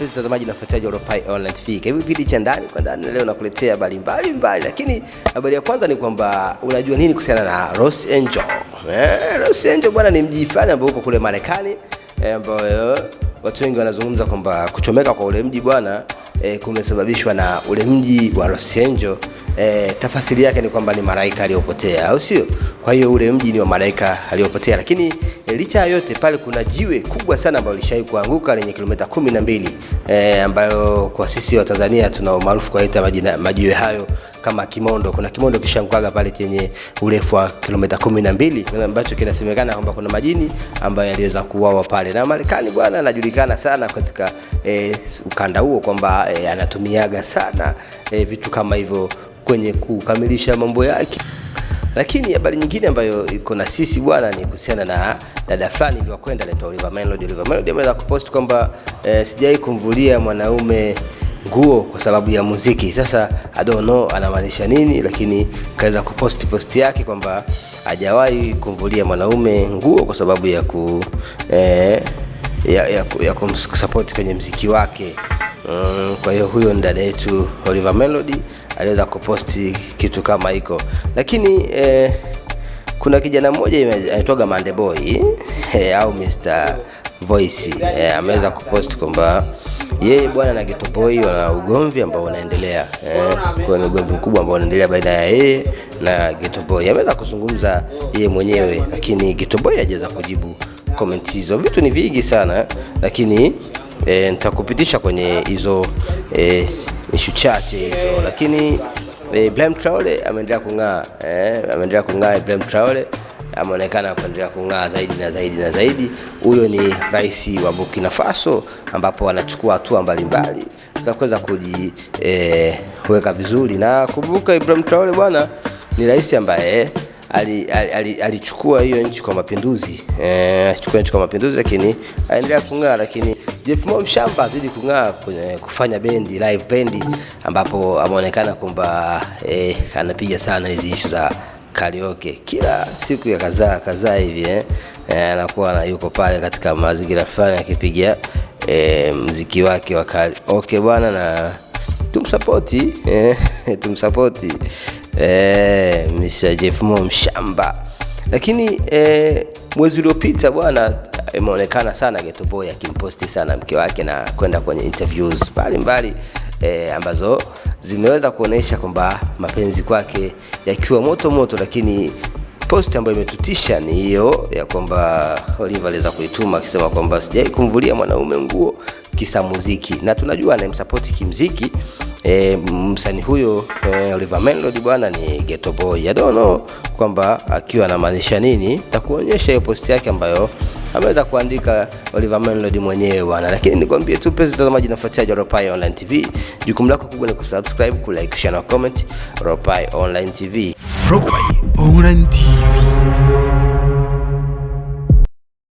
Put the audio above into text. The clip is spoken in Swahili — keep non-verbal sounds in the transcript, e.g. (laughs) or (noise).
mpenzi mtazamaji na mfuatiliaji wa Ropai Online TV. Karibu kipindi cha ndani kwa ndani, leo nakuletea habari mbalimbali, lakini habari ya kwanza ni kwamba unajua nini kuhusiana na Los Angeles? Eh, Los Angeles bwana ni mji fulani ambao uko kule Marekani eh, ambayo eh, watu wengi wanazungumza kwamba kuchomeka kwa ule mji bwana eh, kumesababishwa na ule mji wa Los Angeles e, tafasiri yake ni kwamba ni malaika aliyopotea, au sio? Kwa hiyo ule mji ni wa malaika aliyopotea, lakini e, licha ya yote pale kuna jiwe kubwa sana ambalo lishawahi kuanguka lenye kilomita kumi na mbili e, ambayo kwa sisi wa Tanzania tuna umaarufu kwa kuita majiwe hayo kama kimondo. Kuna kimondo kishangukaga pale chenye urefu wa kilomita kumi na mbili ambacho kinasemekana kwamba kuna majini ambayo yaliweza kuuawa pale, na Marekani bwana anajulikana sana katika e, ukanda huo kwamba e, anatumiaga sana e, vitu kama hivyo kwenye kukamilisha mambo yake. Lakini habari ya nyingine ambayo iko na sisi bwana ni kuhusiana na dada fulani kwenda leta Oliver Melody. Oliver Melody ameweza kupost kwamba eh, sijai kumvulia mwanaume nguo kwa sababu ya muziki. Sasa I don't know anamaanisha nini, lakini kaweza kuposti posti yake kwamba hajawahi kumvulia mwanaume nguo kwa sababu ya ku eh, ya, ya, ya kumsupport kwenye mziki wake. Mm, kwa hiyo huyo ni dada yetu Oliver Melody aliweza kuposti kitu kama hiko, lakini eh, kuna kijana mmoja anaitwaga Boy eh, au Mr Voice eh, ameweza kuposti kwamba yeye bwana na Geto Boy wana ugomvi ambao unaendelea eh, ni ugomvi mkubwa ambao unaendelea baina ya yeye na Geto Boy. Ameweza kuzungumza yeye mwenyewe, lakini Geto Boy hajaweza kujibu comment hizo. Vitu ni vingi sana, lakini eh, nitakupitisha kwenye hizo eh, ishu chache hizo, eh. lakini Ibrahim eh, Traore ameendelea kung'aa eh, ameendelea kung'aa Ibrahim Traore ameonekana kuendelea kung'aa zaidi na zaidi na zaidi. Huyo ni rais wa Burkina Faso, ambapo anachukua hatua mbalimbali za kuweza kujiweka eh, vizuri. Na kumbuka Ibrahim Traore bwana ni rais ambaye alichukua hiyo nchi kwa mapinduzi, eh, alichukua nchi kwa mapinduzi, lakini aendelea kung'aa, lakini Jeff Mo Mshamba azidi kung'aa kwenye kufanya bendi live bendi, ambapo ameonekana kwamba eh, anapiga sana hizi ishu za karaoke kila siku ya kadhaa kadhaa hivi eh, eh anakuwa na yuko pale katika mazingira fulani akipiga eh, mziki wake wa karaoke bwana, na tumsapoti eh, (laughs) tumsapoti eh, Mr. Jeff Mo Mshamba. Lakini eh, mwezi uliopita bwana imeonekana sana Geto Boy akimposti sana mke wake na kwenda kwenye interviews mbalimbali e, ambazo zimeweza kuonesha kwamba mapenzi kwake yakiwa moto moto, lakini post ambayo imetutisha ni hiyo ya kwamba Oliva aliweza kuituma akisema kwamba sijai kumvulia mwanaume nguo kisa muziki, na tunajua anayemsapoti kimziki e, msanii huyo e, eh, Oliva Melody bwana ni Geto Boy. I don't know kwamba akiwa anamaanisha nini, takuonyesha hiyo post yake ambayo ameweza kuandika Oliver Menlod mwenyewe bwana, lakini nikwambie tu pezi mtazamaji, nafuatilia Ropai Online TV, jukumu lako kubwa ni kusubscribe, kulike, share na comment. Ropai Online TV, Ropai Online TV.